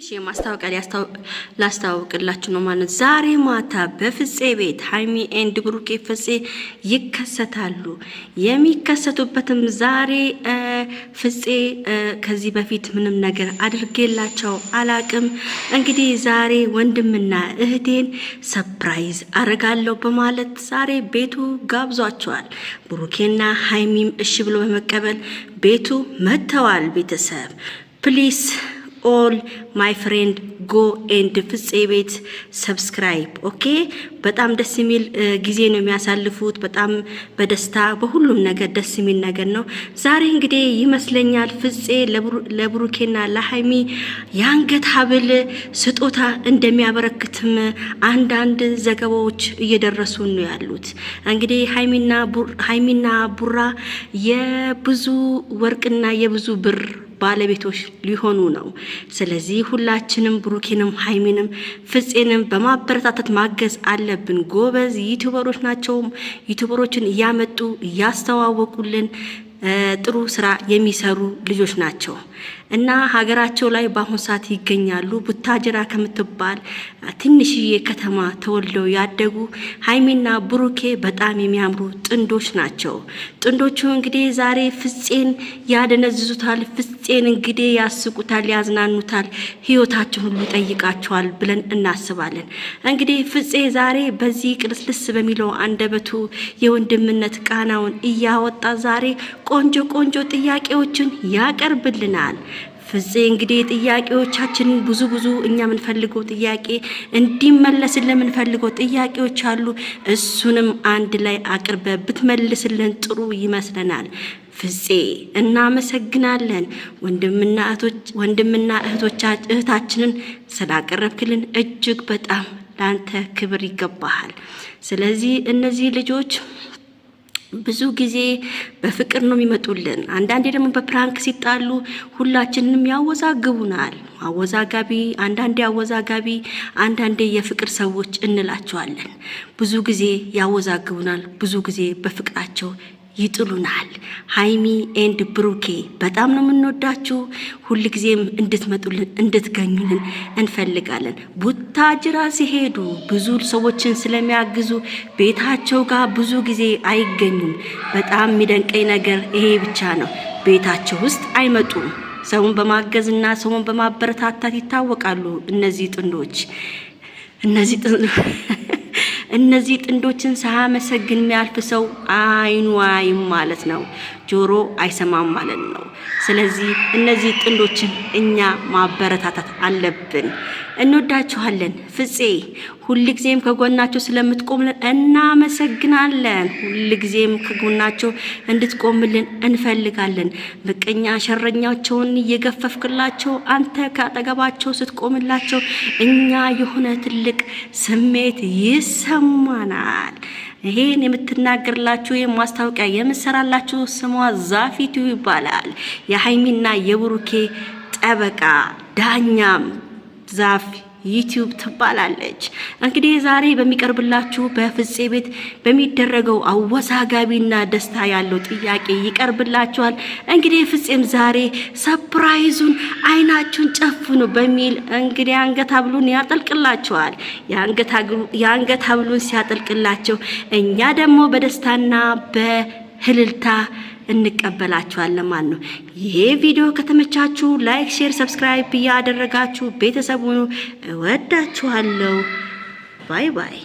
ትንሽ የማስታወቂያ ላስታወቅላችሁ ነው ማለት ዛሬ ማታ በፍፄ ቤት ሀይሚ ኤንድ ብሩኬ ፍፄ ይከሰታሉ። የሚከሰቱበትም ዛሬ ፍፄ ከዚህ በፊት ምንም ነገር አድርጌላቸው አላቅም። እንግዲህ ዛሬ ወንድምና እህቴን ሰፕራይዝ አረጋለሁ በማለት ዛሬ ቤቱ ጋብዟቸዋል። ብሩኬና ሀይሚም እሺ ብሎ በመቀበል ቤቱ መጥተዋል። ቤተሰብ ፕሊስ ኦል ማይ ፍሬንድ ጎ ኤንድ ፍጼ ቤት ሰብስክራይብ። ኦኬ በጣም ደስ የሚል ጊዜ ነው የሚያሳልፉት። በጣም በደስታ በሁሉም ነገር ደስ የሚል ነገር ነው። ዛሬ እንግዲህ ይመስለኛል ፍፄ ለብሩኬና ለሀይሚ የአንገት ሀብል ስጦታ እንደሚያበረክትም አንዳንድ ዘገባዎች እየደረሱ ነው ያሉት። እንግዲህ ሀይሚና ቡራ የብዙ ወርቅና የብዙ ብር ባለቤቶች ሊሆኑ ነው። ስለዚህ ሁላችንም ብሩኬንም ሀይሚንም ፍፄንም በማበረታታት ማገዝ አለብን። ጎበዝ ዩቱበሮች ናቸውም። ዩቱበሮችን እያመጡ እያስተዋወቁልን ጥሩ ስራ የሚሰሩ ልጆች ናቸው። እና ሀገራቸው ላይ በአሁኑ ሰዓት ይገኛሉ። ቡታጅራ ከምትባል ትንሽዬ ከተማ ተወልደው ያደጉ ሀይሜና ብሩኬ በጣም የሚያምሩ ጥንዶች ናቸው። ጥንዶቹ እንግዲህ ዛሬ ፍፄን ያደነዝዙታል፣ ፍፄን እንግዲህ ያስቁታል፣ ያዝናኑታል፣ ህይወታቸው ሁሉ ይጠይቃቸዋል ብለን እናስባለን። እንግዲህ ፍጼ ዛሬ በዚህ ቅልስልስ በሚለው አንደበቱ የወንድምነት ቃናውን እያወጣ ዛሬ ቆንጆ ቆንጆ ጥያቄዎችን ያቀርብልናል። ፍፄ እንግዲህ ጥያቄዎቻችንን ብዙ ብዙ እኛ የምንፈልገው ጥያቄ እንዲመለስልን የምንፈልገው ጥያቄዎች አሉ። እሱንም አንድ ላይ አቅርበ ብትመልስልን ጥሩ ይመስለናል። ፍፄ እናመሰግናለን። ወንድምና እህታችንን ስላቀረብክልን እጅግ በጣም ለአንተ ክብር ይገባሃል። ስለዚህ እነዚህ ልጆች ብዙ ጊዜ በፍቅር ነው የሚመጡልን። አንዳንዴ ደግሞ በፕራንክ ሲጣሉ ሁላችንንም ያወዛግቡናል። አወዛጋቢ አንዳንዴ አወዛጋቢ አንዳንዴ የፍቅር ሰዎች እንላቸዋለን። ብዙ ጊዜ ያወዛግቡናል፣ ብዙ ጊዜ በፍቅራቸው ይጥሉናል። ሃይሚ ኤንድ ብሩኬ በጣም ነው የምንወዳችሁ። ሁልጊዜም እንድትመጡልን እንድትገኙልን እንፈልጋለን። ቡታጅራ ሲሄዱ ብዙ ሰዎችን ስለሚያግዙ ቤታቸው ጋር ብዙ ጊዜ አይገኙም። በጣም የሚደንቀኝ ነገር ይሄ ብቻ ነው። ቤታቸው ውስጥ አይመጡም። ሰውን በማገዝና ሰውን በማበረታታት ይታወቃሉ እነዚህ ጥንዶች እነዚህ እነዚህ ጥንዶችን ሳያመሰግን የሚያልፍ ሰው አይኑ አይም ማለት ነው፣ ጆሮ አይሰማም ማለት ነው። ስለዚህ እነዚህ ጥንዶችን እኛ ማበረታታት አለብን። እንወዳችኋለን። ፍፄ ሁልጊዜም ከጎናቸው ስለምትቆምልን እናመሰግናለን። ሁልጊዜም ከጎናቸው እንድትቆምልን እንፈልጋለን። ምቀኛ ሸረኛቸውን እየገፈፍክላቸው አንተ ከአጠገባቸው ስትቆምላቸው እኛ የሆነ ትልቅ ስሜት ይሰማናል። ይሄን የምትናገርላችሁ ማስታወቂያ የምሰራላችሁ ስሟ ዛፊቱ ይባላል። የሀይሚና የብሩኬ ጠበቃ ዳኛም ዛፍ ዩቲዩብ ትባላለች። እንግዲህ ዛሬ በሚቀርብላችሁ በፍፄ ቤት በሚደረገው አወዛጋቢና ደስታ ያለው ጥያቄ ይቀርብላችኋል። እንግዲህ ፍፄም ዛሬ ሰፕራይዙን አይናችሁን ጨፍኑ በሚል እንግዲህ የአንገት ሀብሉን ያጠልቅላችኋል። የአንገት ሀብሉን ሲያጠልቅላቸው እኛ ደግሞ በደስታና በህልልታ እንቀበላችኋለን ማለት ነው። ይሄ ቪዲዮ ከተመቻችሁ ላይክ፣ ሼር፣ ሰብስክራይብ እያደረጋችሁ ቤተሰቡ እወዳችኋለሁ። ባይ ባይ